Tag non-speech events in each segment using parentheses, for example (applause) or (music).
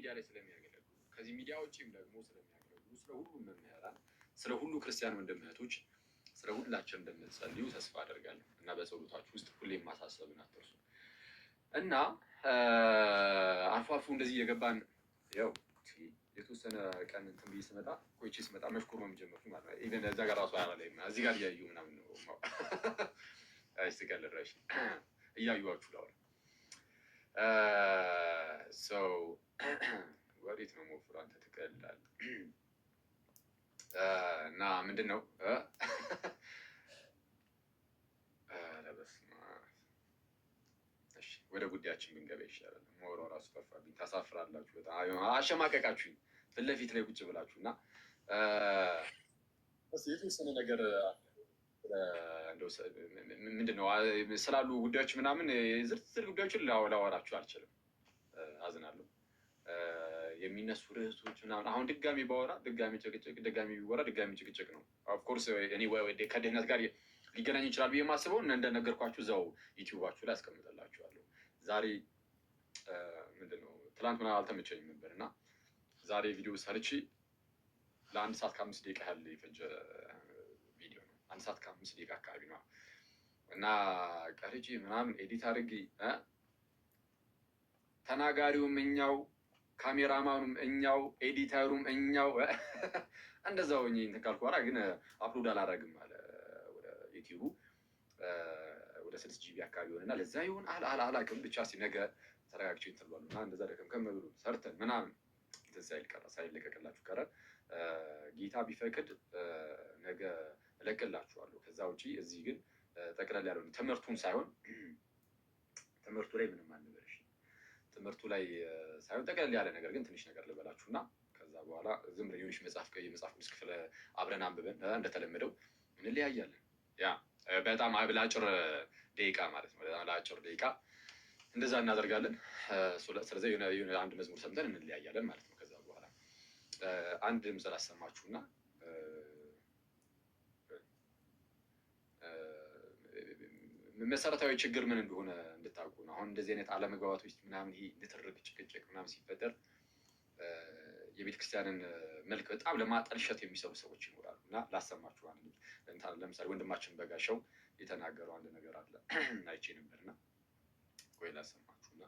ሚዲያ ላይ ስለሚያገለግሉ ከዚህ ሚዲያ ውጭም ደግሞ ስለሚያገለግሉ ስለ ሁሉም መምህራን፣ ስለ ሁሉ ክርስቲያን ወንድም ስለ ሁላችን እንደምትጸልዩ ተስፋ አደርጋለሁ እና በጸሎታችሁ ውስጥ ሁሌም ማሳሰብን አትርሱ እና አልፎ አልፎ እንደዚህ እየገባን ያው የተወሰነ ቀን እንትን ብዬ ስመጣ ቆይቼ ስመጣ መሽኮር ነው የሚጀምሩት ማለት ነው። ኢቨን እዛ ጋር ራሱ አያላ ላይ እዚህ ጋር እያዩ ምናምን ነው (laughs) ስቀልረሽ (clears throat) እያዩዋችሁ ላውራ ሰው uh, (clears throat) ወዴት ነው ሞፍሮ አንተ እና ምንድን ነው ወደ ጉዳያችን ብንገባ ይሻላል። ሞሮ ራሱ ጠፋብኝ። ታሳፍራላችሁ፣ በጣም አሸማቀቃችሁኝ ፊት ለፊት ላይ ቁጭ ብላችሁ እና uh, የተወሰነ ነገር ምንድን ነው ስላሉ ጉዳዮች ምናምን ዝርዝር ጉዳዮችን ላወራችሁ አልችልም። አዝናለሁ። የሚነሱ ርዕሶች ምናምን አሁን ድጋሚ ባወራ ድጋሚ ጭቅጭቅ፣ ድጋሚ ቢወራ ድጋሚ ጭቅጭቅ ነው። ኦፍኮርስ ከድህነት ጋር ሊገናኝ ይችላል ብዬ የማስበውን እንደነገርኳችሁ እዛው ዩቲዩባችሁ ላይ አስቀምጠላችኋለሁ። ዛሬ ምንድን ነው ትላንት ምናምን አልተመቸኝም ነበር እና ዛሬ ቪዲዮ ሰርቼ ለአንድ ሰዓት ከአምስት ደቂቃ ያህል የፈጀ አንድ ሰዓት ከአምስት ደቂቃ አካባቢ ነው እና ቀርጪ ምናምን ኤዲት አድርጌ ተናጋሪውም እኛው ካሜራማኑም እኛው ኤዲተሩም እኛው (laughs) እንደዛው ሆኜ እንትን ካልኩ በኋላ ግን አፕሎድ አላደርግም አለ ወደ ዩቲዩቡ ወደ ስድስት ጂቢ አካባቢ ሆነና ለዛ ይሆን አላቅም ብቻ ሲነገ ነገ ተረጋግቼ እንትን ብሏል እና እንደዛ ደከምከም ብሎ ሰርተን ምናምን ሳይለቀቅላችሁ ቀረ ጌታ ቢፈቅድ ነገ እለቅላችኋለሁ። ከዛ ውጪ እዚህ ግን ጠቅለል ያለ ትምህርቱን ሳይሆን (clears throat) ትምህርቱ ላይ ምንም አንበልሽ ትምህርቱ ላይ ሳይሆን ጠቅለል ያለ ነገር ግን ትንሽ ነገር ልበላችሁ እና ከዛ በኋላ ዝም ብለን የሆነች መጽሐፍ የመጽሐፍ ቅዱስ ክፍለ አብረን አንብበን እንደተለመደው እንለያያለን። ያ በጣም ለአጭር ደቂቃ ማለት ነው። ለአጭር ደቂቃ እንደዛ እናደርጋለን። ስለዚህ አንድ መዝሙር ሰምተን እንለያያለን ማለት ነው። ከዛ በኋላ አንድ ድምፅ ላሰማችሁና መሰረታዊ ችግር ምን እንደሆነ እንድታውቁ ነው። አሁን እንደዚህ አይነት አለመግባባቶች ምናምን ይሄ ንትርክ፣ ጭቅጭቅ ምናምን ሲፈጠር የቤተ ክርስቲያንን መልክ በጣም ለማጠልሸት የሚሰሩ ሰዎች ይኖራሉ እና ላሰማችሁ ለምሳሌ ወንድማችን በጋሻው የተናገረው አንድ ነገር አለ (clears throat) አይቼ ነበርና ቆይ ላሰማችሁና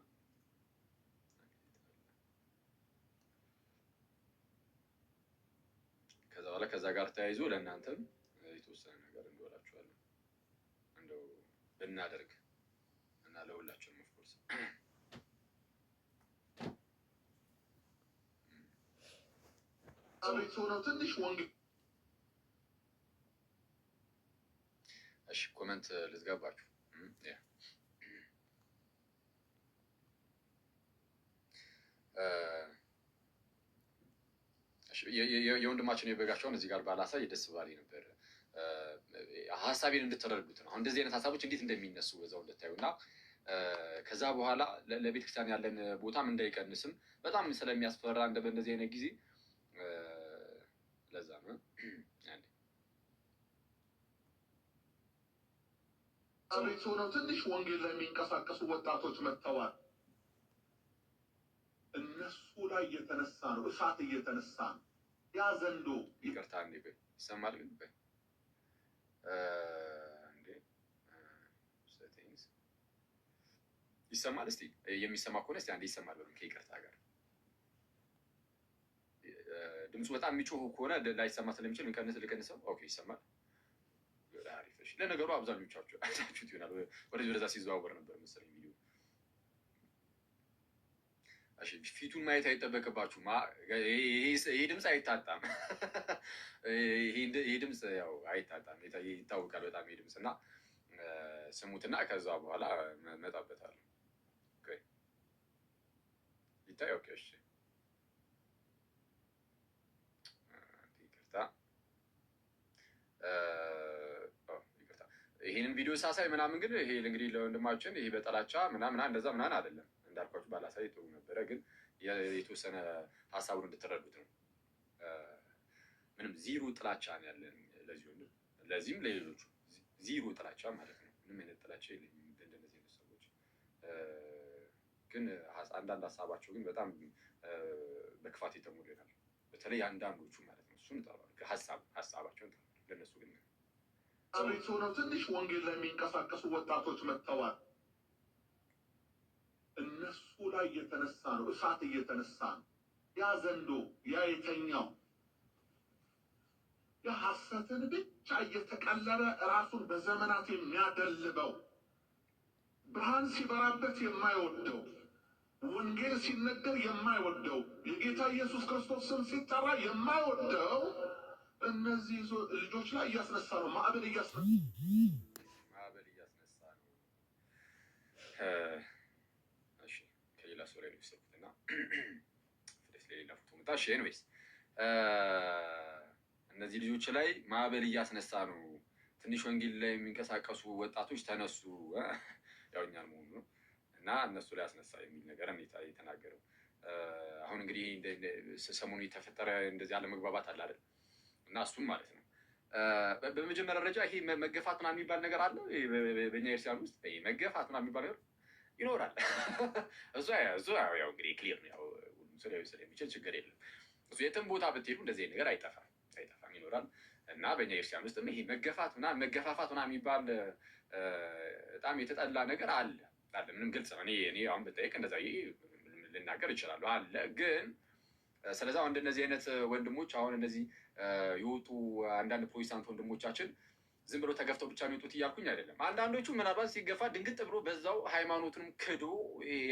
ከዛ በኋላ ከዛ ጋር ተያይዞ ለእናንተም የተወሰነ ነገር እንወላችኋለን እንደው ብናደርግ እና ለሁላችንም ኦፍኮርስ እሺ፣ ኮመንት ልትገባችሁ የወንድማችን የበጋቸውን እዚህ ጋር ባላሳይ ደስ ባለኝ ነበር። ሀሳቤን እንድትረዱት ነው። እንደዚህ አይነት ሀሳቦች እንዴት እንደሚነሱ በዛው እንድታዩ እና ከዛ በኋላ ለቤተክርስቲያን ያለን ቦታም እንዳይቀንስም በጣም ስለሚያስፈራ እንደ በእንደዚህ አይነት ጊዜ ለዛ ነው ቤት ሆነው ትንሽ ወንጌል ላይ የሚንቀሳቀሱ ወጣቶች መጥተዋል። እነሱ ላይ እየተነሳ ነው፣ እሳት እየተነሳ ነው። ያ ዘንዶ ይቅርታ ይሰማል ግን Uh, uh, ይሰማል። እስቲ የሚሰማ ከሆነ እስቲ አንዴ ይሰማል ከይቅርታ ጋር uh, ድምፁ በጣም የሚጮህ ከሆነ ላይሰማ ስለሚችል ልቀንስ ልቀንሰው። ኦኬ ይሰማል። አሪፍ። ለነገሩ አብዛኞቻችሁ አይታችሁት ይሆናል። ወደዚህ ወደዛ ሲዘዋወር ነበር መሰለኝ ቪዲዮ ፊቱን ማየት አይጠበቅባችሁም። ይህ ድምፅ አይታጣም። (laughs) ይሄ ድምፅ ያው አይታጣም፣ ይታወቃል በጣም ይሄ ድምፅ እና ስሙትና ከዛ በኋላ መጣበታል ይታይ ኦኬ እሺ ይቅርታ ይህንን ቪዲዮ ሳሳይ ምናምን ግን ይሄ እንግዲህ ለወንድማችን ይሄ በጠላቻ ምናምን እንደዛ ምናን አይደለም ባላሳይ ጥሩ ነበረ፣ ግን የተወሰነ ሀሳቡን እንድትረዱት ነው። ምንም ዚሮ ጥላቻ ነው ያለን ለዚህ ወንድም፣ ለዚህም ለሌሎቹ ዚሮ ጥላቻ ማለት ነው። ምንም አይነት ጥላቻ የለኝም እንደነዚህ አይነት ሰዎች ግን አንዳንድ ሀሳባቸው ግን በጣም በክፋት የተሞሉ ይሆናል። በተለይ አንዳንዶቹ ማለት ነው። እሱን ሀሳብ ሀሳባቸውን ለነሱ ግን አቤት ሆነው ትንሽ ወንጌል ላይ የሚንቀሳቀሱ ወጣቶች መጥተዋል። እነሱ ላይ እየተነሳ ነው፣ እሳት እየተነሳ ነው። ያ ዘንዶ ያ የተኛው የሐሰትን ብቻ እየተቀለረ ራሱን በዘመናት የሚያደልበው ብርሃን ሲበራበት የማይወደው ወንጌል ሲነገር የማይወደው የጌታ ኢየሱስ ክርስቶስ ስም ሲጠራ የማይወደው እነዚህ ልጆች ላይ እያስነሳ ነው። ማዕበል እያስነሳ ነው። ፍሬስ ለሌላ ፎቶ መጣ። እሺ ኤኒዌይስ እነዚህ ልጆች ላይ ማዕበል እያስነሳ ነው። ትንሽ ወንጌል ላይ የሚንቀሳቀሱ ወጣቶች ተነሱ፣ ያው እኛን መሆኑ ነው እና እነሱ ላይ አስነሳ የሚል ነገር የተናገረው። አሁን እንግዲህ ሰሞኑ የተፈጠረ እንደዚህ አለመግባባት አለ አይደል? እና እሱም ማለት ነው በመጀመሪያ ደረጃ ይሄ መገፋት ምናምን የሚባል ነገር አለ በኛ ኤርሲያን ውስጥ መገፋት ምናምን የሚባል ነገር ይኖራል። እሱ እሱ ያው እንግዲህ ክሊር ነው። ያው ሁሉም ሰው ሊያዩ ስለሚችል ችግር የለም። እሱ የትም ቦታ ብትሄዱ እንደዚህ ነገር አይጠፋም አይጠፋም ይኖራል። እና በእኛ ክርስቲያን ውስጥም ይሄ መገፋት ምናምን መገፋፋት ምናምን የሚባል በጣም የተጠላ ነገር አለ አለ። ምንም ግልጽ ነው። እኔ እኔ አሁን ብጠይቅ እንደዛ ልናገር ይችላሉ አለ ግን ስለዚ አሁን እንደነዚህ አይነት ወንድሞች አሁን እነዚህ የወጡ አንዳንድ ፕሮቴስታንት ወንድሞቻችን ዝም ብሎ ተገፍተው ብቻ የሚጡት እያልኩኝ አይደለም። አንዳንዶቹ ምናልባት ሲገፋ ድንግጥ ብሎ በዛው ሃይማኖቱንም ክዶ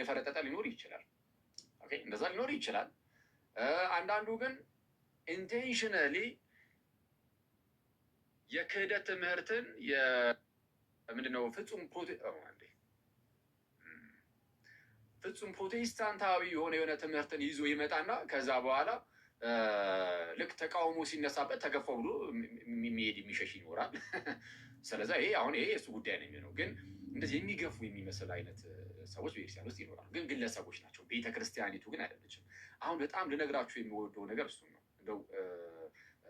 የፈረጠጠ ሊኖር ይችላል። እንደዛ ሊኖር ይችላል። አንዳንዱ ግን ኢንቴንሽነሊ የክህደት ትምህርትን ምንድነው ፍጹም ፍጹም ፕሮቴስታንታዊ የሆነ የሆነ ትምህርትን ይዞ ይመጣና ከዛ በኋላ ልክ ተቃውሞ ሲነሳበት ተገፋው ብሎ የሚሄድ የሚሸሽ ይኖራል። (laughs) ስለዚ ይሄ አሁን ይሄ የእሱ ጉዳይ ነው የሚሆነው። ግን እንደዚህ የሚገፉ የሚመስል አይነት ሰዎች ቤተክርስቲያን ውስጥ ይኖራሉ፣ ግን ግለሰቦች ናቸው። ቤተክርስቲያኒቱ ግን አይደለችም። አሁን በጣም ልነግራችሁ የሚወደው ነገር እሱ ነው። እንደው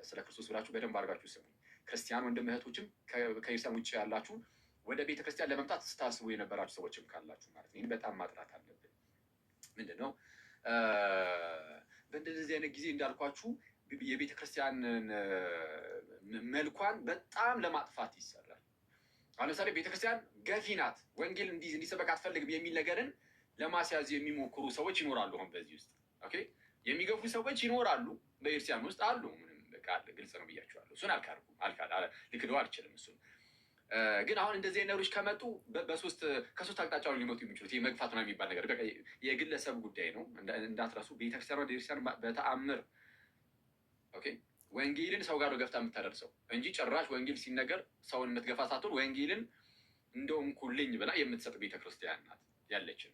ስለ ክርስቶስ ብላችሁ በደንብ አድርጋችሁ ስሙ። ክርስቲያን ወንድም እህቶችም ከቤተክርስቲያን ውጭ ያላችሁ ወደ ቤተክርስቲያን ለመምጣት ስታስቡ የነበራችሁ ሰዎችም ካላችሁ ማለት ነው። ይህን በጣም ማጥራት አለብን። ምንድን ነው በእንደዚህ አይነት ጊዜ እንዳልኳችሁ የቤተ ክርስቲያንን መልኳን በጣም ለማጥፋት ይሰራል። ለምሳሌ ቤተ ክርስቲያን ገፊ ናት፣ ወንጌል እንዲሰበቅ አትፈልግም የሚል ነገርን ለማስያዝ የሚሞክሩ ሰዎች ይኖራሉ። አሁን በዚህ ውስጥ ኦኬ የሚገፉ ሰዎች ይኖራሉ፣ በቤተክርስቲያን ውስጥ አሉ። ምንም በቃ ግልጽ ነው ብያቸዋለሁ። እሱን አልካርኩም አልካል ልክደው አልችልም እሱን ግን አሁን እንደዚህ ነገሮች ከመጡ በሶስት ከሶስት አቅጣጫ ሊመጡ የሚችሉት የመግፋት ነው የሚባል ነገር የግለሰብ ጉዳይ ነው እንዳትረሱ። ቤተክርስቲያን በተአምር ወንጌልን ሰው ጋር ገፍታ የምታደርሰው እንጂ ጭራሽ ወንጌል ሲነገር ሰውን የምትገፋ ሳትሆን ወንጌልን እንደውም ኩልኝ ብላ የምትሰጥ ቤተክርስቲያን ናት ያለችን።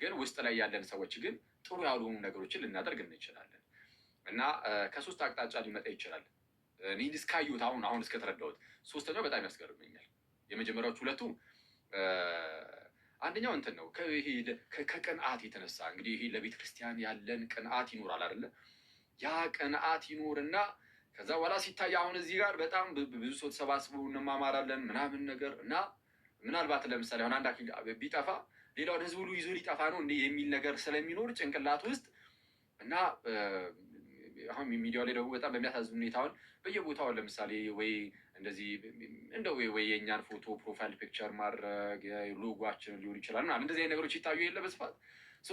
ግን ውስጥ ላይ ያለን ሰዎች ግን ጥሩ ያልሆኑ ነገሮችን ልናደርግ እንችላለን እና ከሶስት አቅጣጫ ሊመጣ ይችላል። እኔ እስካዩት አሁን አሁን እስከተረዳሁት ሶስተኛው በጣም ያስገርመኛል። የመጀመሪያዎች ሁለቱ አንደኛው እንትን ነው ከቅንዓት የተነሳ እንግዲህ ይሄ ለቤተ ክርስቲያን ያለን ቅንዓት ይኖራል አይደለ? ያ ቅንዓት ይኖርና ከዛ በኋላ ሲታይ አሁን እዚህ ጋር በጣም ብዙ ሰው ተሰባስቦ እንማማራለን ምናምን ነገር እና ምናልባት ለምሳሌ አሁን አንድ አኪል ቢጠፋ ሌላውን ህዝብ ሁሉ ይዞ ሊጠፋ ነው እንዲህ የሚል ነገር ስለሚኖር ጭንቅላት ውስጥ እና አሁን ሚዲያው ላይ ደግሞ በጣም በሚያሳዝን ሁኔታ አሁን በየቦታው ለምሳሌ ወይ እንደዚህ እንደ ወይ የእኛን ፎቶ ፕሮፋይል ፒክቸር ማድረግ ሎጓችን ሊሆን ይችላል ምናምን እንደዚህ አይነት ነገሮች ይታዩ የለ በስፋት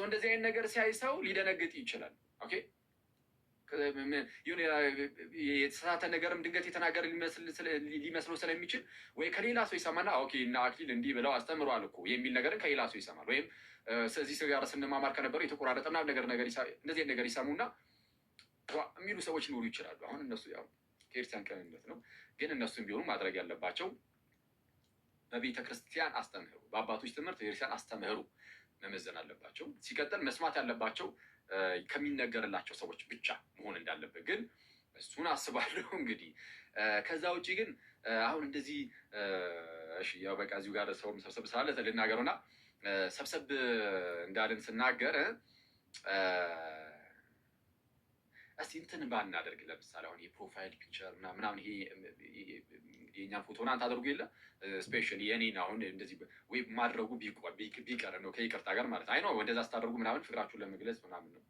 እንደዚህ አይነት ነገር ሲያይ ሰው ሊደነግጥ ይችላል። ኦኬ ነገርም ድንገት የተናገረ ሊመስለው ስለሚችል ወይ ከሌላ ሰው ይሰማና ኦኬ እና አክሊል እንዲህ ብለው አስተምሯል እኮ የሚል ነገርን ከሌላ ሰው ይሰማል። ወይም ስለዚህ ጋር ስንማማር ከነበረው የተቆራረጠ ምናምን ነገር ነገር እንደዚህ ነገር ይሰሙና የሚሉ ሰዎች ሊኖሩ ይችላሉ። አሁን እነሱ ያው ከኤርትራን ቀንነት ነው። ግን እነሱም ቢሆኑ ማድረግ ያለባቸው በቤተ ክርስቲያን አስተምህሩ፣ በአባቶች ትምህርት ቤተክርስቲያን አስተምህሩ መመዘን አለባቸው። ሲቀጥል መስማት ያለባቸው ከሚነገርላቸው ሰዎች ብቻ መሆን እንዳለበት ግን እሱን አስባለሁ (laughs) እንግዲህ። ከዛ ውጭ ግን አሁን እንደዚህ ያው በቃ እዚሁ ጋር ሰውም ሰብሰብ ስላለ ልናገረውና ሰብሰብ እንዳልን ስናገር እስቲ እንትን ባናደርግ ለምሳሌ አሁን የፕሮፋይል ፒክቸር እና ምናምን ይሄ የእኛን ፎቶ ምናምን ታደርጉ የለ ስፔሻሊ የኔን አሁን እንደዚህ ዌብ ማድረጉ ቢቀር ነው ከይቅርታ ጋር ማለት አይ ነው። ወደዛ ስታደርጉ ምናምን ፍቅራችሁን ለመግለጽ ምናምን ነው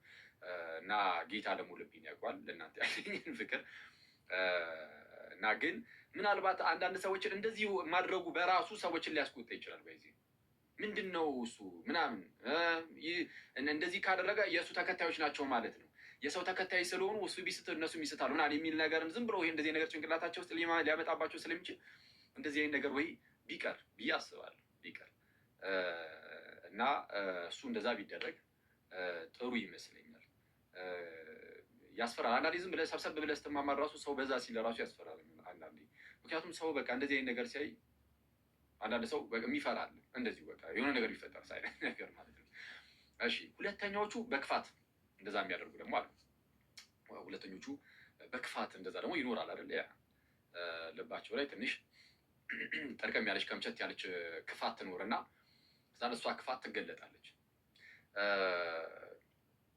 እና ጌታ ደግሞ ልብን ያውቀዋል ለእናንተ ያለኝን ፍቅር እና ግን ምናልባት አንዳንድ ሰዎችን እንደዚህ ማድረጉ በራሱ ሰዎችን ሊያስቆጣ ይችላል። በዚህ ምንድን ነው እሱ ምናምን እንደዚህ ካደረገ የእሱ ተከታዮች ናቸው ማለት ነው የሰው ተከታይ ስለሆኑ እሱ ቢስት እነሱ ይስታሉ ምናምን የሚል ነገርን ዝም ብሎ ይሄ እንደዚህ ነገር ጭንቅላታቸው ውስጥ ሊያመጣባቸው ስለሚችል እንደዚህ አይነት ነገር ወይ ቢቀር ብዬ አስባለሁ። ቢቀር እና እሱ እንደዛ ቢደረግ ጥሩ ይመስለኛል። ያስፈራል። አንዳንዴ ዝም ብለህ ሰብሰብ ብለህ ስትማማር ራሱ ሰው በዛ ሲል ራሱ ያስፈራል አንዳንዴ። ምክንያቱም ሰው በቃ እንደዚህ አይነት ነገር ሲያይ አንዳንድ ሰው የሚፈራል። እንደዚሁ በቃ የሆነ ነገር ይፈጠር ሳይ (laughs) ነገር ማለት ነው። እሺ ሁለተኛዎቹ በክፋት እንደዛ የሚያደርጉ ደግሞ አለ። ሁለተኞቹ በክፋት እንደዛ ደግሞ ይኖራል አይደል? ልባቸው ላይ ትንሽ ጠርቀም ያለች ከምቸት ያለች ክፋት ትኖርና ከዛ እሷ ክፋት ትገለጣለች።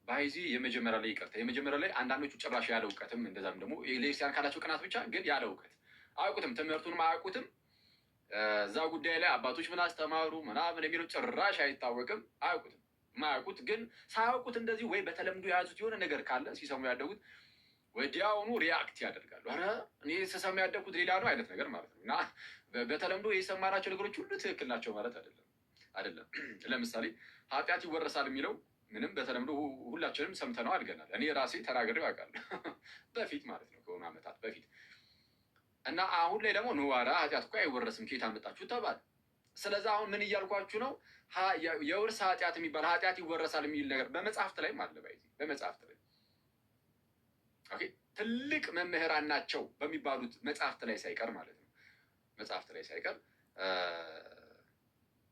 ባይዚ የመጀመሪያ ላይ ይቅርታ፣ የመጀመሪያ ላይ አንዳንዶቹ ጭራሽ ያለ እውቀትም እንደዛም ደግሞ ለክርስቲያን ካላቸው ቅናት ብቻ ግን ያለ እውቀት አያውቁትም፣ ትምህርቱንም አያውቁትም። እዛ ጉዳይ ላይ አባቶች ምን አስተማሩ ምናምን የሚለው ጭራሽ አይታወቅም፣ አያውቁትም። ማያውቁት ግን ሳያውቁት እንደዚህ ወይ በተለምዶ የያዙት የሆነ ነገር ካለ ሲሰሙ ያደጉት ወዲያውኑ ሪያክት ያደርጋሉ። ኧረ እኔ ስሰማ ያደግኩት ሌላ ነው አይነት ነገር ማለት ነው። እና በተለምዶ የሰማናቸው ነገሮች ሁሉ ትክክል ናቸው ማለት አይደለም አይደለም። (clears throat) ለምሳሌ ኃጢአት ይወረሳል የሚለው ምንም በተለምዶ ሁላችንም ሰምተነው አድገናል። እኔ ራሴ ተናግሬው ያውቃል (laughs) በፊት ማለት ነው ከሆኑ ዓመታት በፊት እና አሁን ላይ ደግሞ ኖ ኧረ ኃጢአት እኮ አይወረስም ከየት አመጣችሁ ተባለ። ስለዚ አሁን ምን እያልኳችሁ ነው? የውርስ ኃጢአት የሚባል ኃጢአት ይወረሳል የሚል ነገር በመጽሐፍት ላይ አለ። በመጽሐፍት ላይ ትልቅ መምህራን ናቸው በሚባሉት መጽሐፍት ላይ ሳይቀር ማለት ነው። መጽሐፍት ላይ ሳይቀር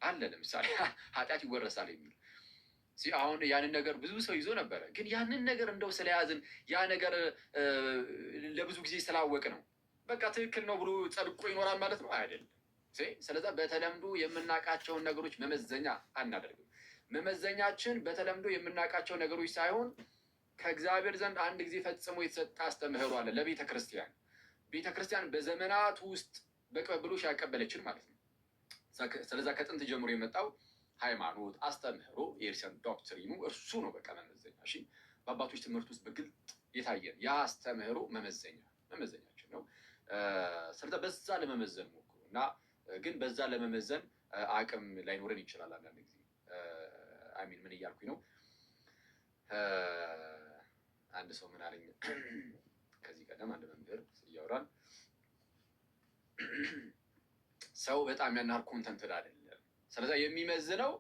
አለ። ለምሳሌ (laughs) ኃጢአት ይወረሳል የሚል አሁን ያንን ነገር ብዙ ሰው ይዞ ነበረ። ግን ያንን ነገር እንደው ስለያዝን ያ ነገር ለብዙ ጊዜ ስላወቅ ነው በቃ ትክክል ነው ብሎ ጸድቆ ይኖራል ማለት ነው አይደለም። ስለዛ በተለምዶ የምናውቃቸውን ነገሮች መመዘኛ አናደርግም። መመዘኛችን በተለምዶ የምናውቃቸው ነገሮች ሳይሆን ከእግዚአብሔር ዘንድ አንድ ጊዜ ፈጽሞ የተሰጠ አስተምህሮ አለ ለቤተ ክርስቲያን። ቤተ ክርስቲያን በዘመናት ውስጥ በቅብብሎሽ ያቀበለችን ማለት ነው። ስለዛ ከጥንት ጀምሮ የመጣው ሃይማኖት፣ አስተምህሮ፣ የክርስቲያን ዶክትሪኑ እርሱ ነው በቃ መመዘኛ። እሺ፣ በአባቶች ትምህርት ውስጥ በግልጥ የታየን አስተምህሮ መመዘኛ መመዘኛችን ነው። ስለዛ በዛ ለመመዘን ሞክሩ እና ግን በዛ ለመመዘን አቅም ላይኖረን ይችላል። አንዳንድ ጊዜ አሚን ምን እያልኩኝ ነው? አንድ ሰው ምን አለኝ ከዚህ ቀደም አንድ መምህር እያወራን ሰው በጣም ያን ያህል ኮንተንትድ አይደለም። ስለዚ የሚመዝነው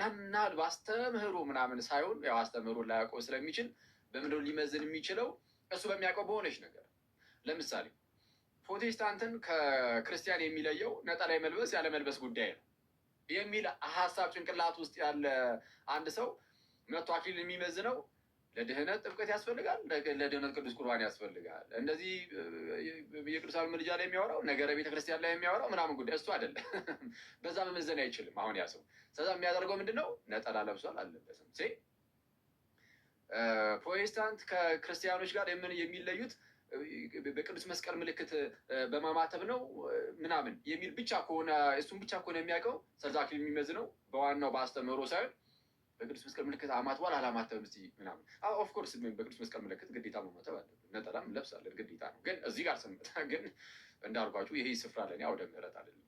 ያናል ያህል በአስተምህሮ ምናምን ሳይሆን ያው አስተምህሮ ላያውቀው ስለሚችል በምንድን ሊመዝን የሚችለው እሱ በሚያውቀው በሆነች ነገር ለምሳሌ ፕሮቴስታንትን ከክርስቲያን የሚለየው ነጠላ የመልበስ ያለመልበስ ጉዳይ ነው የሚል ሀሳብ ጭንቅላት ውስጥ ያለ አንድ ሰው መቶ አክሊል የሚመዝነው ለድህነት ጥምቀት ያስፈልጋል፣ ለድህነት ቅዱስ ቁርባን ያስፈልጋል። እንደዚህ የቅዱሳን ምልጃ ላይ የሚያወራው ነገረ ቤተክርስቲያን ላይ የሚያወራው ምናምን ጉዳይ እሱ አይደለም። (laughs) በዛ መመዘን አይችልም። አሁን ያ ሰው ስለዛ የሚያደርገው ምንድን ነው? ነጠላ ለብሷል አለበትም ፕሮቴስታንት ከክርስቲያኖች ጋር የምን የሚለዩት በቅዱስ መስቀል ምልክት በማማተብ ነው ምናምን የሚል ብቻ ከሆነ እሱን ብቻ ከሆነ የሚያውቀው ሰርዛክ የሚመዝ ነው በዋናው በአስተምህሮ ሳይሆን በቅዱስ መስቀል ምልክት አማትቧል አላማተብም እስኪ ምናምን። ኦፍኮርስ በቅዱስ መስቀል ምልክት ግዴታ ማማተብ አለ፣ ነጠላም ለብሳለን ግዴታ ነው። ግን እዚህ ጋር ስንመጣ (laughs) ግን እንዳልኳችሁ ይሄ ስፍራ ለእኔ አውደ ምሕረት አይደለም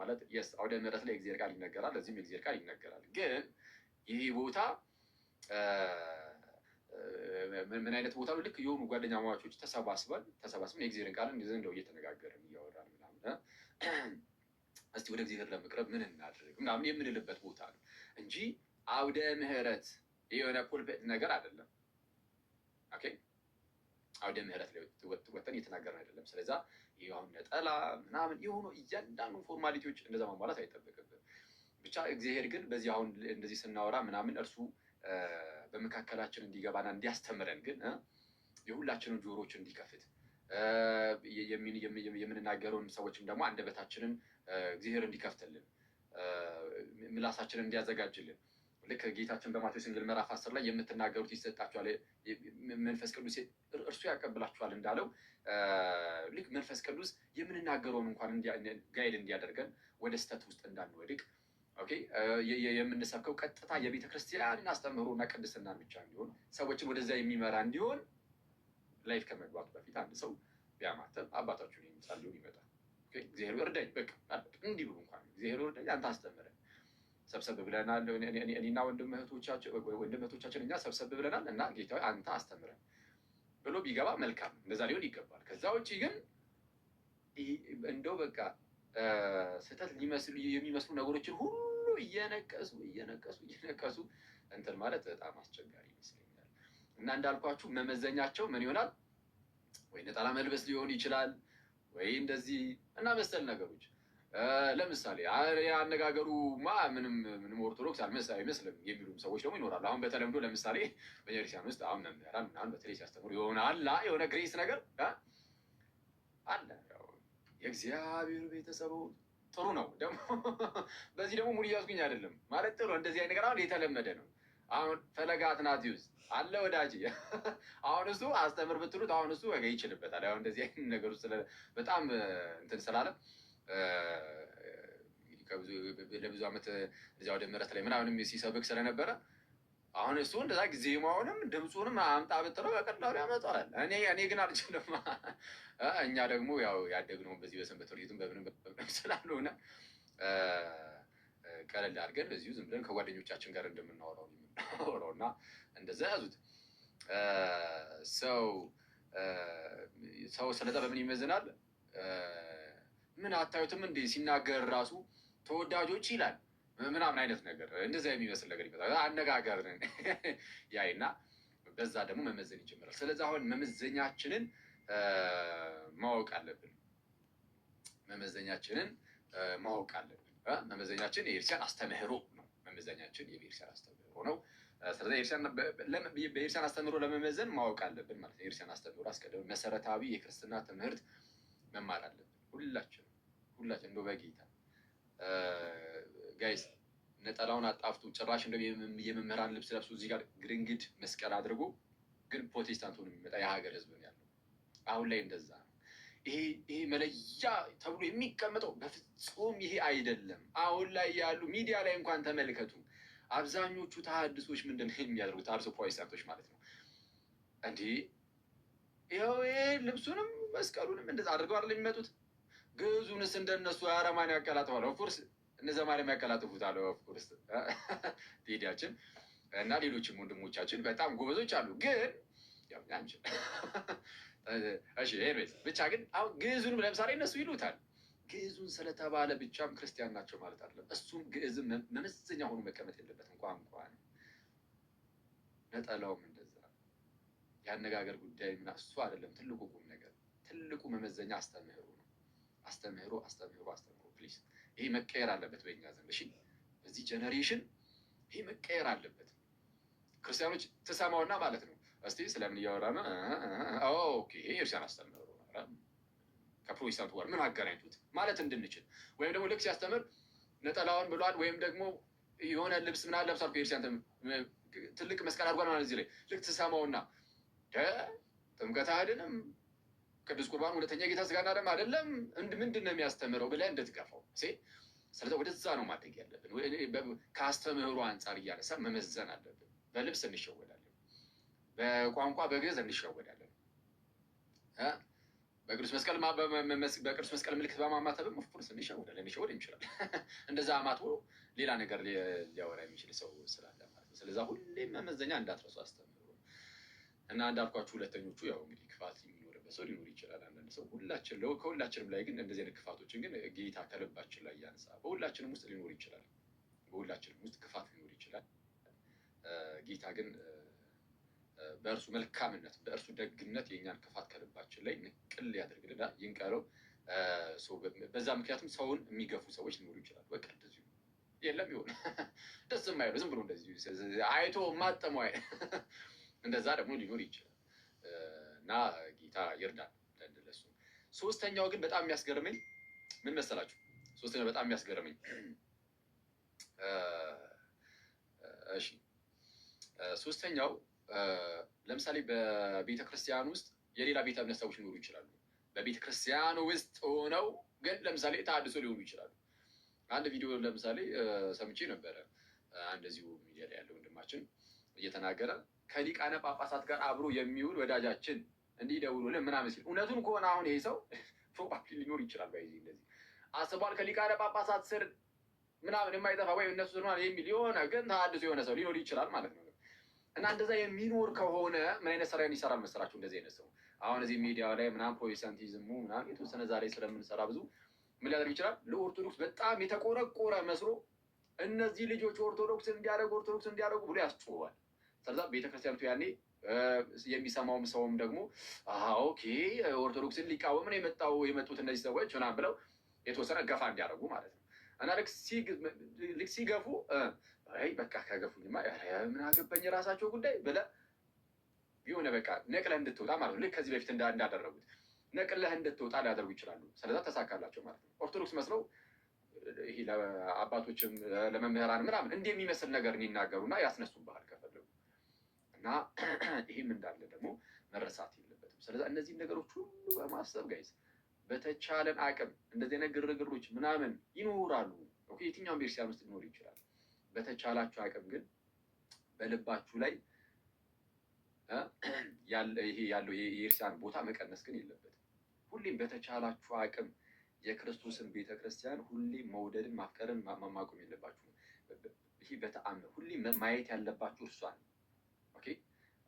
ማለት የስ አውደ ምሕረት ላይ እግዚአብሔር ቃል ይነገራል፣ እዚህም እግዚአብሔር ቃል ይነገራል። ግን ይህ ቦታ ምን አይነት ቦታ ነው? ልክ የሆኑ ጓደኛ ማዋቾች ተሰባስበን ተሰባስበን የእግዚአብሔርን ቃል እንደዚህ እንደው እየተነጋገርን እያወራን ምናምን (clears throat) እስቲ ወደ እግዚአብሔር ለመቅረብ ምን እናድርግ ምናምን የምንልበት ቦታ ነው እንጂ አውደ ምሕረት የሆነ ፖልፔት ነገር አይደለም። ኦኬ አውደ ምሕረት ላይ ወጥተን እየተናገርን አይደለም። ስለዛ ይሁን ነጠላ ምናምን የሆኑ እያንዳንዱ ፎርማሊቲዎች እንደዛ ማሟላት አይጠበቅብን። ብቻ እግዚአብሔር ግን በዚህ አሁን እንደዚህ ስናወራ ምናምን እርሱ በመካከላችን እንዲገባና እንዲያስተምረን ግን የሁላችንም ጆሮች እንዲከፍት የምንናገረውን ሰዎችም ደግሞ አንደበታችንን እግዚአብሔር እንዲከፍትልን ምላሳችንን እንዲያዘጋጅልን ልክ ጌታችን በማቴዎስ ወንጌል ምዕራፍ አስር ላይ የምትናገሩት ይሰጣችኋል፣ መንፈስ ቅዱስ እርሱ ያቀብላችኋል እንዳለው ልክ መንፈስ ቅዱስ የምንናገረውን እንኳን ጋይድ እንዲያደርገን ወደ ስተት ውስጥ እንዳንወድቅ የምንሰብከው ቀጥታ የቤተ ክርስቲያንን እና ቅድስናን ብቻ እንዲሆን ሰዎችን ወደዚያ የሚመራ እንዲሆን ላይፍ ከመግባቱ በፊት አንድ ሰው ቢያማተብ አባታችሁን የሚጸልዩን ይመጣል። እግዚአብሔር እርዳኝ፣ በቃ እንዲሁ እንኳን እግዚአብሔር እርዳኝ፣ አንተ አስተምረን። ሰብሰብ ብለናል፣ እኔና ወንድም እኛ ሰብሰብ ብለናል እና ጌታ አንተ አስተምረን ብሎ ቢገባ መልካም፣ እንደዛ ሊሆን ይገባል። ከዛ ውጭ ግን እንደው በቃ ስህተት ሊመስሉ የሚመስሉ ነገሮችን ሁሉ እየነቀሱ እየነቀሱ እየነቀሱ እንትን ማለት በጣም አስቸጋሪ ይመስለኛል። እና እንዳልኳችሁ መመዘኛቸው ምን ይሆናል? ወይ ነጠላ መልበስ ሊሆን ይችላል ወይ እንደዚህ እና መሰል ነገሮች ለምሳሌ አነጋገሩ ማ ምንም ምንም ኦርቶዶክስ አልመሳ አይመስልም የሚሉም ሰዎች ደግሞ ይኖራሉ። አሁን በተለምዶ ለምሳሌ ቤተክርስቲያን ውስጥ አሁን መምህራን ምናምን በተለይ ሲያስተምሩ የሆነ አላ የሆነ ግሬስ ነገር አለ የእግዚአብሔር ቤተሰቦች ጥሩ ነው። ደግሞ (laughs) በዚህ ደግሞ ሙሉ እያዝጉኝ አይደለም ማለት ጥሩ እንደዚህ አይነት ነገር አሁን የተለመደ ነው። አሁን ፈለገ አትናቲዩስ አለ ወዳጅ (laughs) አሁን እሱ አስተምር ብትሉት አሁን እሱ ወገ ይችልበታል። አሁን እንደዚህ አይነት ነገር ስለ በጣም እንትን ስላለ ለብዙ ዓመት እዚያ ወደ ምረት ላይ ምናምንም ሲሰብክ ስለነበረ አሁን እሱ እንደዛ ጊዜማውንም ድምፁንም አምጣ ብትለው በቀላሉ ያመጣዋል። እኔ እኔ ግን አልችልም እኛ ደግሞ ያው ያደግነውን በዚህ በሰንበት ትምህርት በምንም በምንም ስላልሆነ ቀለል አድርገን እዚሁ ዝም ብለን ከጓደኞቻችን ጋር እንደምናወራው የምናወራው እና እንደዛ ያዙት። ሰው ሰው ስለዛ በምን ይመዝናል? ምን አታዩትም እንዴ ሲናገር ራሱ ተወዳጆች ይላል ምናምን አይነት ነገር እንደዚያ የሚመስል ነገር ይመጣል። አነጋገርን (laughs) ያይና በዛ ደግሞ መመዘን ይጀምራል። ስለዚህ አሁን መመዘኛችንን ማወቅ አለብን። መመዘኛችንን ማወቅ አለብን። መመዘኛችን የቤተክርስቲያን አስተምህሮ ነው። መመዘኛችን የቤተክርስቲያን አስተምህሮ ነው። ስለዚህ የቤተክርስቲያን አስተምህሮ ለመመዘን ማወቅ አለብን ማለት ነው። የቤተክርስቲያን አስተምህሮ አስቀድመን መሰረታዊ የክርስትና ትምህርት መማር አለብን። ሁላችን ሁላችን እንደው በጌታ ጋይስ ነጠላውን አጣፍቱ። ጭራሽ እንደ የመምህራን ልብስ ለብሱ እዚህ ጋር ግድንግድ መስቀል አድርጎ ግን ፕሮቴስታንቱን የሚመጣ የሀገር ህዝብ ነው። አሁን ላይ እንደዛ ነው። ይሄ መለያ ተብሎ የሚቀመጠው በፍጹም ይሄ አይደለም። አሁን ላይ ያሉ ሚዲያ ላይ እንኳን ተመልከቱ። አብዛኞቹ ተሐድሶች ምንድን ነው የሚያደርጉት? አርሶ ፕሮቴስታንቶች ማለት ነው። እንዲህ ይኸው ይሄ ልብሱንም መስቀሉንም እንደዛ አድርገው አይደል የሚመጡት። ግዙንስ እንደነሱ አረማን ያቀላጥፋል። ኦፍኮርስ እነዚ ማርያም ያቀላጥፉታል። ኦፍኮርስ (laughs) ቴዲያችን እና ሌሎችም ወንድሞቻችን በጣም ጎበዞች አሉ ግን ያው (laughs) ብቻ ግን አሁን ግዕዙንም ለምሳሌ እነሱ ይሉታል። ግዕዙን ስለተባለ ብቻም ክርስቲያን ናቸው ማለት አይደለም። እሱም ግዕዝም መመዘኛ ሆኖ መቀመጥ የለበትም። ቋንቋን ነጠላውም እንደዛ የአነጋገር ጉዳይ ምና እሱ አይደለም ትልቁ ቁም ነገር። ትልቁ መመዘኛ አስተምህሮ ነው። አስተምህሮ አስተምህሮ አስተምህሮ። ፕሊዝ ይሄ መቀየር አለበት በእኛ ዘንድ። እሺ በዚህ ጀነሬሽን ይሄ መቀየር አለበት። ክርስቲያኖች ትሰማውና ማለት ነው እስቲ ስለምን እያወራ ነው? ኦኬ የእርሻን አስተምህሮ ከፕሮቴስታንቱ ጋር ምን አገናኝቱት ማለት እንድንችል ወይም ደግሞ ልክ ሲያስተምር ነጠላውን ብሏል ወይም ደግሞ የሆነ ልብስ ምና ለብሳል የእርሻን ትልቅ መስቀል አድርጓል ማለት እዚህ ላይ ልክ ትሰማውና ጥምቀት አድንም ቅዱስ ቁርባን ሁለተኛ ጌታ ስጋና ደም አይደለም ምንድን ነው የሚያስተምረው ብለህ እንድትገፋው ስለዚ ወደዛ ነው ማድረግ ያለብን። ከአስተምህሩ አንጻር እያነሳ መመዘን አለብን። በልብስ እንሸወዳለን። በቋንቋ በግዕዝ እንሸወዳለን። በቅዱስ መስቀል በቅዱስ መስቀል ምልክት በማማተብም ኦፍኮርስ እንሸወዳለን፣ እንሸወድ ይችላል። (laughs) እንደዛ አማትቦ ሌላ ነገር ሊያወራ የሚችል ሰው ስላለ ማለት ነው። ስለዛ ሁሌም መመዘኛ እንዳትረሱ አስተምሩ እና እንዳልኳችሁ ሁለተኞቹ ያው እንግዲህ ክፋት የሚኖርበት ሰው ሊኖር ይችላል። አንዳንድ ሰው ሁላችን ለው ከሁላችንም ላይ ግን እንደዚህ አይነት ክፋቶችን ግን ጌታ ከልባችን ላይ ያንሳ። በሁላችንም ውስጥ ሊኖር ይችላል። በሁላችንም ውስጥ ክፋት ሊኖር ይችላል። ጌታ ግን በእርሱ መልካምነት በእርሱ ደግነት የእኛን ክፋት ከልባችን ላይ ንቅል ያደርግልና ይንቀለው። በዛ ምክንያትም ሰውን የሚገፉ ሰዎች ሊኖሩ ይችላሉ። በቃ እንደዚሁ የለም ይሆን (laughs) ደስ የማይሉ ዝም ብሎ እንደዚህ አይቶ ማጠሙ (laughs) እንደዛ ደግሞ ሊኖር ይችላል እና ጌታ ይርዳል ለሱ። ሶስተኛው ግን በጣም የሚያስገርመኝ ምን መሰላችሁ? ሶስተኛው በጣም የሚያስገርመኝ (clears throat) እሺ ሶስተኛው ለምሳሌ በቤተ ክርስቲያን ውስጥ የሌላ ቤተ እምነት ሰዎች ሊኖሩ ይችላሉ። በቤተ ክርስቲያን ውስጥ ሆነው ግን ለምሳሌ ተሐድሶ ሊሆኑ ይችላሉ። አንድ ቪዲዮ ለምሳሌ ሰምቼ ነበረ። እንደዚሁ ሚዲያ ላይ ያለ ወንድማችን እየተናገረ ከሊቃነ ጳጳሳት ጋር አብሮ የሚውል ወዳጃችን እንዲደውሉልን ምናምን ሲል እውነቱን ከሆነ አሁን ይሄ ሰው ፕሮባብሊ ሊኖር ይችላል። ባይ እንደዚህ አስቧል። ከሊቃነ ጳጳሳት ስር ምናምን የማይጠፋ ወይም እነሱ ስለሆነ የሚል የሆነ ግን ተሐድሶ የሆነ ሰው ሊኖር ይችላል ማለት ነው። እና እንደዛ የሚኖር ከሆነ ምን አይነት ስራን የሚሰራ መሰራችሁ? እንደዚህ አይነት ሰው አሁን እዚህ ሚዲያ ላይ ምናም ፕሮቴስታንቲዝሙ ምናም የተወሰነ ዛሬ ስለምንሰራ ብዙ ምን ሊያደርግ ይችላል? ለኦርቶዶክስ በጣም የተቆረቆረ መስሎ እነዚህ ልጆች ኦርቶዶክስ እንዲያደርጉ ኦርቶዶክስ እንዲያደርጉ ብሎ ያስጮኋል። ስለዛ ቤተክርስቲያኒቱ ያኔ የሚሰማውም ሰውም ደግሞ ኦኬ ኦርቶዶክስን ሊቃወም ነው የመጣው የመጡት እነዚህ ሰዎች ምናምን ብለው የተወሰነ ገፋ እንዲያደርጉ ማለት ነው እና ልክ ሲገፉ አይ በቃ ከገፉኝማ ምን አገባኝ የራሳቸው ጉዳይ ብለህ የሆነ በቃ ነቅለህ እንድትወጣ ማለት ነው። ልክ ከዚህ በፊት እንዳደረጉት ነቅለህ እንድትወጣ ሊያደርጉ ይችላሉ። ስለዛ ተሳካላቸው ማለት ነው። ኦርቶዶክስ መስለው ይሄ ለአባቶችም ለመምህራን ምናምን እንዲህ የሚመስል ነገር ይናገሩና ያስነሱን ባህል ከፈለጉ እና (clears throat) ይህም እንዳለ ደግሞ መረሳት የለበትም። ስለዚ እነዚህ ነገሮች ሁሉ በማሰብ ጋይዝ በተቻለን አቅም እንደዚህ ነግርግሮች ምናምን ይኖራሉ። የትኛውን ቤተክርስቲያን ውስጥ ሊኖር ይችላል። በተቻላችሁ አቅም ግን በልባችሁ ላይ ይሄ ያለው የኢርሲያን ቦታ መቀነስ ግን የለበትም። ሁሌም በተቻላችሁ አቅም የክርስቶስን ቤተ ክርስቲያን ሁሌም መውደድን ማፍቀርን ማማቆም የለባችሁ። ይሄ በተአምር ሁሌም ማየት ያለባችሁ እርሷን። ኦኬ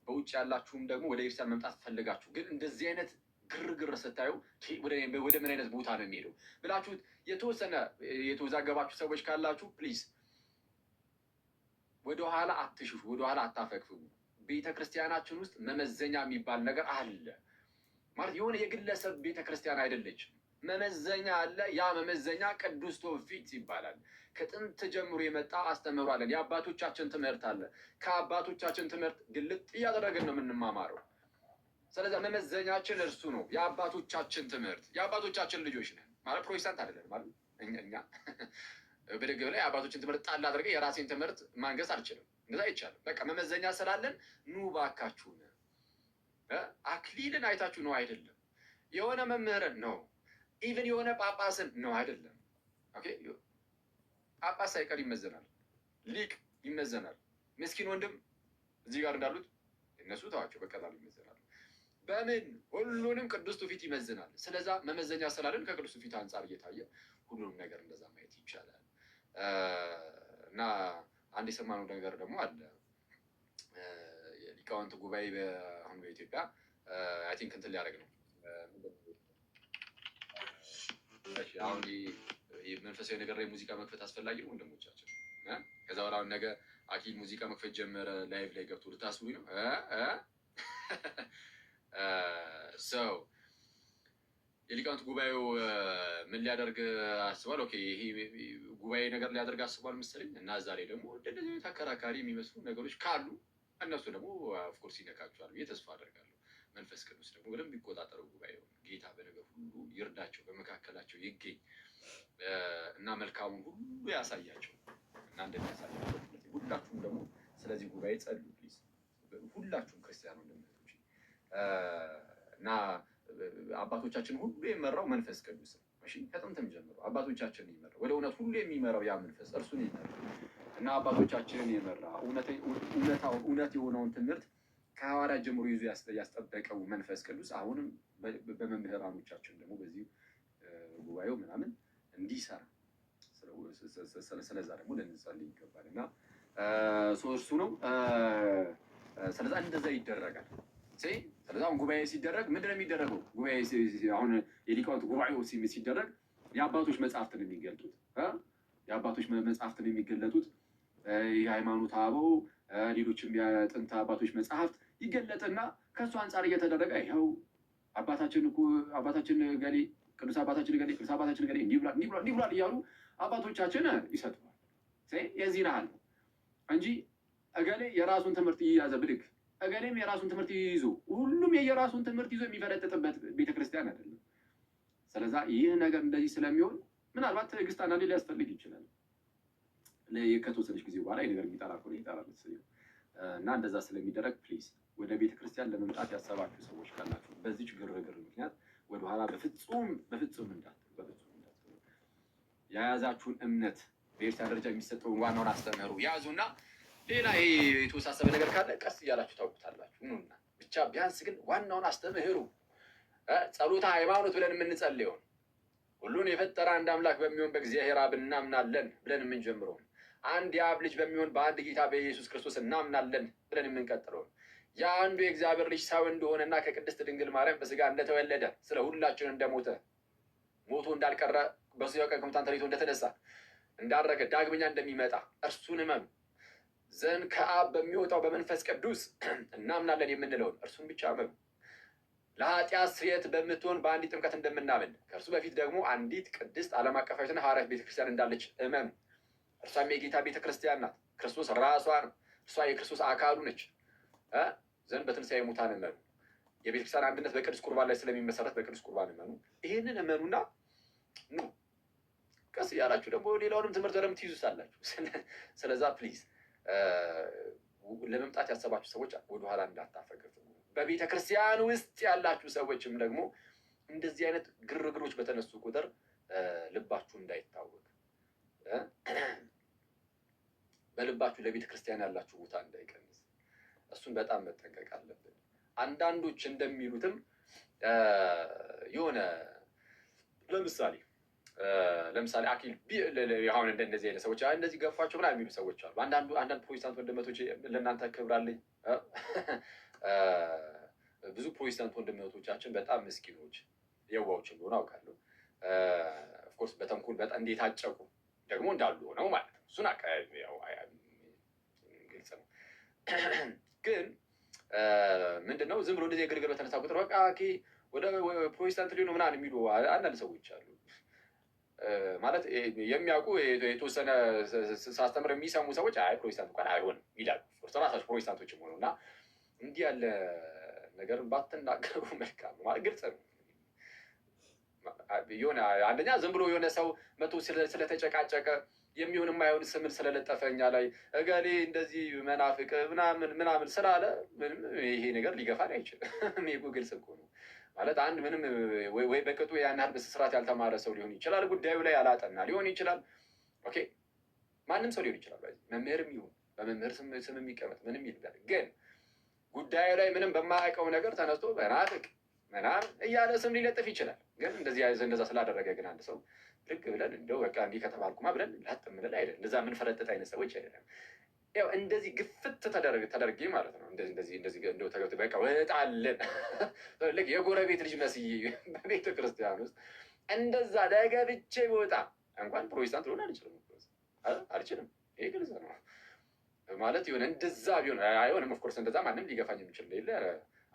በውጭ ያላችሁም ደግሞ ወደ ኢርሲያን መምጣት ፈልጋችሁ ግን እንደዚህ አይነት ግርግር ስታዩ ወደ ምን አይነት ቦታ ነው የሚሄደው ብላችሁት የተወሰነ የተወዛገባችሁ ሰዎች ካላችሁ ፕሊዝ ወደኋላ አትሽሹ፣ ወደኋላ አታፈግፍጉ። ቤተ ክርስቲያናችን ውስጥ መመዘኛ የሚባል ነገር አለ ማለት የሆነ የግለሰብ ቤተ ክርስቲያን አይደለችም። መመዘኛ አለ። ያ መመዘኛ ቅዱስ ትውፊት ይባላል። ከጥንት ጀምሮ የመጣ አስተምህሮ አለን። የአባቶቻችን ትምህርት አለ። ከአባቶቻችን ትምህርት ግልጥ እያደረግን ነው የምንማማረው። ስለዚ መመዘኛችን እርሱ ነው። የአባቶቻችን ትምህርት የአባቶቻችን ልጆች ነን ማለት ፕሮቴስታንት አይደለን ማለት እኛ በደገብ ላይ አባቶችን ትምህርት ጣል አድርገ የራሴን ትምህርት ማንገስ አልችልም። እንደዛ አይቻልም። በቃ መመዘኛ ስላለን ኑ ባካችሁን አክሊልን አይታችሁ ነው አይደለም። የሆነ መምህርን ነው ኢቨን የሆነ ጳጳስን ነው አይደለም። ጳጳስ ሳይቀር ይመዘናል፣ ሊቅ ይመዘናል። ምስኪን ወንድም እዚህ ጋር እንዳሉት እነሱ ተዋቸው፣ በቀላሉ ይመዘናሉ። በምን ሁሉንም ቅዱስ ፊት ይመዝናል። ስለዛ መመዘኛ ስላለን ከቅዱስ ፊት አንጻር እየታየ ሁሉንም ነገር እንደዛ ማየት ይቻላል። እና አንድ የሰማነው ነገር ደግሞ አለ። ሊቃውንት ጉባኤ አሁን በኢትዮጵያ አይ ቲንክ እንትን ሊያደርግ ነው። አሁን መንፈሳዊ ነገር ላይ ሙዚቃ መክፈት አስፈላጊ ነው ወንድሞቻችን። ከዛ በኋላ አሁን ነገ አኪ ሙዚቃ መክፈት ጀመረ፣ ላይቭ ላይ ገብቶ ልታስቡኝ ነው ሰው የሊቃውንት ጉባኤው ምን ሊያደርግ አስቧል? ኦኬ ይሄ ጉባኤ ነገር ሊያደርግ አስቧል መሰለኝ እና ላይ ደግሞ እንደዚህ አይነት አከራካሪ የሚመስሉ ነገሮች ካሉ እነሱ ደግሞ ኦፍኮርስ ይነካቸዋል ብዬ ተስፋ አደርጋለሁ። መንፈስ ቅዱስ ደግሞ በደንብ ይቆጣጠሩ ጉባኤው። ጌታ በነገር ሁሉ ይርዳቸው፣ በመካከላቸው ይገኝ እና መልካሙን ሁሉ ያሳያቸው እና እንደሚያሳያቸው ሁላችሁም ደግሞ ስለዚህ ጉባኤ ጸልዩ፣ ሁላችሁም ክርስቲያኑ እንደምትች እና አባቶቻችን ሁሉ የመራው መንፈስ ቅዱስ ነው። ከጥንትም ጀምሮ አባቶቻችን የመራው ወደ እውነት ሁሉ የሚመራው ያ መንፈስ እርሱን ይመራ እና አባቶቻችንን የመራ እውነት የሆነውን ትምህርት ከሐዋርያ ጀምሮ ይዞ ያስጠበቀው መንፈስ ቅዱስ አሁንም በመምህራኖቻችን ደግሞ በዚህ ጉባኤው ምናምን እንዲሰራ ስለዛ ደግሞ ልንጸልይ ይገባል እና እሱ ነው። ስለዛ እንደዛ ይደረጋል። ስለዚሁን ጉባኤ ሲደረግ ምንድን ነው የሚደረገው? ጉባኤ አሁን የሊቃውንት ጉባኤው ሲደረግ የአባቶች መጽሐፍትን የሚገልጡት የአባቶች መጽሐፍትን የሚገለጡት የሃይማኖት አበው ሌሎችም የጥንት አባቶች መጽሐፍት ይገለጥና ከእሱ አንጻር እየተደረገ ይኸው አባታችን አባታችን ገሌ ቅዱስ አባታችን ገሌ ቅዱስ አባታችን ገሌ እንዲህ ብሏል እያሉ አባቶቻችን ይሰጥቷል። የዚህ ናህል እንጂ እገሌ የራሱን ትምህርት እያዘ ብድግ እገሌም የራሱን ትምህርት ይዞ ሁሉም የየራሱን ትምህርት ይዞ የሚፈለጥጥበት ቤተክርስቲያን አይደለም። ስለዛ ይህ ነገር እንደዚህ ስለሚሆን ምናልባት ትዕግስት አንዳንዴ ሊያስፈልግ ይችላል። የከቶ ጊዜ በኋላ ነገር የሚጠራ ከሆነ ይጠራ እና እንደዛ ስለሚደረግ ፕሊዝ ወደ ቤተክርስቲያን ለመምጣት ያሰባችሁ ሰዎች ካላችሁ በዚች ግርግር ምክንያት ወደኋላ በፍጹም በፍጹም እንዳትሉ፣ በፍጹም እንዳትሉ። የያዛችሁን እምነት በኤርትራ ደረጃ የሚሰጠውን ዋናውን አስተምህሮ ያዙና ሌላ ይሄ የተወሳሰበ ነገር ካለ ቀስ እያላችሁ ታውቁታላችሁ። ኑና ብቻ ቢያንስ ግን ዋናውን አስተምህሩ ጸሎታ ሃይማኖት ብለን የምንጸልየውን ሁሉን የፈጠረ አንድ አምላክ በሚሆን በእግዚአብሔር አብ እናምናለን ብለን የምንጀምረውን አንድ የአብ ልጅ በሚሆን በአንድ ጌታ በኢየሱስ ክርስቶስ እናምናለን ብለን የምንቀጥለውን የአንዱ የእግዚአብሔር ልጅ ሰው እንደሆነና ከቅድስት ድንግል ማርያም በስጋ እንደተወለደ ስለ ሁላችን እንደሞተ ሞቶ እንዳልቀረ በሱ ቀን ከሙታን ተለይቶ እንደተነሳ እንዳረገ ዳግመኛ እንደሚመጣ እርሱን እመኑ። ዘንድ ከአብ በሚወጣው በመንፈስ ቅዱስ (clears throat) እናምናለን የምንለውን እርሱን ብቻ ለኃጢአት ስርየት በምትሆን በአንዲት ጥምቀት እንደምናምን ከእርሱ በፊት ደግሞ አንዲት ቅድስት ዓለም አቀፋዊትና ሐዋርያት ቤተክርስቲያን እንዳለች እመን። እርሷም የጌታ ቤተክርስቲያን ናት። ክርስቶስ ራሷ ነው። እርሷ የክርስቶስ አካሉ ነች። ዘንድ በትንሣኤ ሙታን እመኑ። የቤተክርስቲያን አንድነት በቅዱስ ቁርባን ላይ ስለሚመሰረት በቅዱስ ቁርባን እመኑ። ይህንን እመኑና ቀስ እያላችሁ ደግሞ ሌላውንም ትምህርት በደምብ ትይዙሳላችሁ። ስለዛ ፕሊዝ ለመምጣት ያሰባችሁ ሰዎች ወደኋላ እንዳታፈገፍጉ። በቤተ ክርስቲያን ውስጥ ያላችሁ ሰዎችም ደግሞ እንደዚህ አይነት ግርግሮች በተነሱ ቁጥር ልባችሁ እንዳይታወቅ በልባችሁ ለቤተ ክርስቲያን ያላችሁ ቦታ እንዳይቀንስ፣ እሱን በጣም መጠንቀቅ አለብን። አንዳንዶች እንደሚሉትም የሆነ ለምሳሌ ለምሳሌ አኪል ሁን እንደዚህ አይነት ሰዎች እንደዚህ ገፏቸው ምናምን የሚሉ ሰዎች አሉ። አንዳንዱ አንዳንድ ፕሮቴስታንት ወንድመቶች ለእናንተ ክብር አለኝ። ብዙ ፕሮቴስታንት ወንድመቶቻችን በጣም ምስኪኖች የዋዎች እንደሆነ አውቃለሁ። ኦፍኮርስ በተንኮል በጣም እንደታጨቁ ደግሞ እንዳሉ ሆነው ማለት ነው። እሱን ግልጽ ነው። ግን ምንድነው ዝም ብሎ እንደዚህ የግርግር በተነሳ ቁጥር በቃ ወደ ፕሮቴስታንት ሊሆኑ ምናምን የሚሉ አንዳንድ ሰዎች አሉ። ማለት የሚያውቁ የተወሰነ ሳስተምር የሚሰሙ ሰዎች አይ ፕሮቴስታንት እንኳን አይሆንም ይላሉ። ራሳቸው ፕሮቴስታንቶችም ሆኑ እና እንዲህ ያለ ነገር ባትናገሩ (laughs) መልካም ማለት ግልጽ ነው። የሆነ አንደኛ ዝም ብሎ የሆነ ሰው መቶ ስለተጨቃጨቀ የሚሆን የማይሆን ስምን ስለለጠፈኛ ላይ እገሌ እንደዚህ መናፍቅ ምናምን ምናምን ስላለ ምንም ይሄ ነገር ሊገፋን አይችልም። ይሄ (laughs) ግልጽ እኮ ነው። ማለት አንድ ምንም ወይ በቅጡ ያን ያህል በስርዓት ያልተማረ ሰው ሊሆን ይችላል። ጉዳዩ ላይ ያላጠና ሊሆን ይችላል። ኦኬ ማንም ሰው ሊሆን ይችላል። መምህርም ይሁን በመምህር ስም የሚቀመጥ ምንም ይልጋል። ግን ጉዳዩ ላይ ምንም በማያውቀው ነገር ተነስቶ መናፍቅ ምናምን እያለ ስም ሊለጥፍ ይችላል። ግን እንደዚህ እንደዛ ስላደረገ ግን አንድ ሰው ልክ ብለን እንደው በቃ እንዲህ ከተባልኩማ ብለን ላጥ ምንል አይደለም። እንደዛ የምንፈረጥጥ አይነት ሰዎች አይደለም። ያው እንደዚህ ግፍት ተደረግ ተደርጌ ማለት ነው። እንደዚህ እንደዚህ እንደው ተገብቶ በቃ ወጣለን (laughs) የጎረቤት ልጅ መስዬ በቤተ ክርስቲያን ውስጥ እንደዛ ለገብቼ ወጣ እንኳን ፕሮቴስታንት ልሆን አልችልም አልችልም። ይሄ ግልጽ ነው ማለት ይሆን እንደዛ ቢሆን አይሆንም። ኦፍኮርስ እንደዛ ማንም ሊገፋኝ የሚችል ሌለ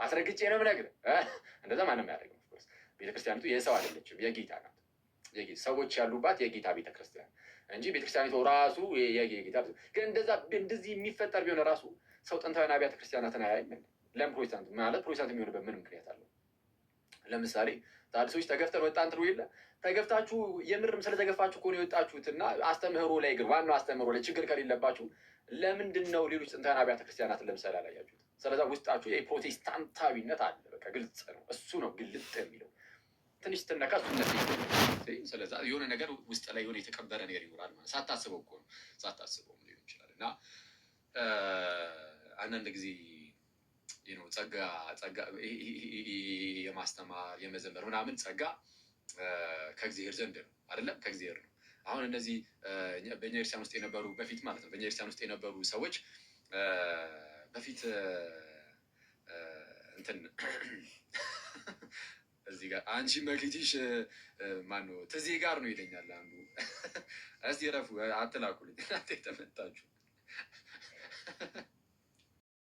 አስረግጬ ነው የምነግርህ። (laughs) እንደዛ ማንም አያደርግም። ኦፍኮርስ ቤተክርስቲያኒቱ የሰው አይደለችም፣ የጌታ ናት። ሰዎች ያሉባት የጌታ ቤተክርስቲያን እንጂ ቤተክርስቲያኒቱ ራሱ የጌታ ግን እንደዛ እንደዚህ የሚፈጠር ቢሆን ራሱ ሰው ጥንታዊን አብያተ ክርስቲያናትን አያይም። ለምን ፕሮቴስታንት ማለት ፕሮቴስታንት የሚሆንበት ምን ምክንያት አለው? ለምሳሌ ታድሶች ተገፍተን ወጣን ትሉ የለ ተገፍታችሁ የምርም ስለተገፋችሁ ከሆነ የወጣችሁትና አስተምህሮ ላይ ግን ዋናው አስተምህሮ ላይ ችግር ከሌለባችሁ ለምንድን ነው ሌሎች ጥንታዊን አብያተ ክርስቲያናትን ለምሳሌ አላያችሁት? ስለዛ ውስጣችሁ የፕሮቴስታንታዊነት አለ። በቃ ግልጽ ነው። እሱ ነው ግልጥ የሚለው ትንሽ ስትነካ ስለዛ የሆነ ነገር ውስጥ ላይ የሆነ የተቀበረ ነገር ይኖራል ማለት ሳታስበው እኮ ነው። ሳታስበውም ሊሆን ይችላል እና አንዳንድ ጊዜ ነው ጸጋ ጸጋ የማስተማር የመዘመር ምናምን ጸጋ ከእግዚአብሔር ዘንድ ነው አይደለም፣ ከእግዚአብሔር ነው። አሁን እነዚህ በእኛ ውስጥ የነበሩ በፊት ማለት ነው በእኛ ውስጥ የነበሩ ሰዎች በፊት እንትን (clears throat) እዚህ ጋር አንቺ መግሊትሽ ማነው ትዜ ጋር ነው ይለኛል አንዱ። (laughs) እስቲ ረፉ አትላኩልኝ እናንተ የተመታችሁ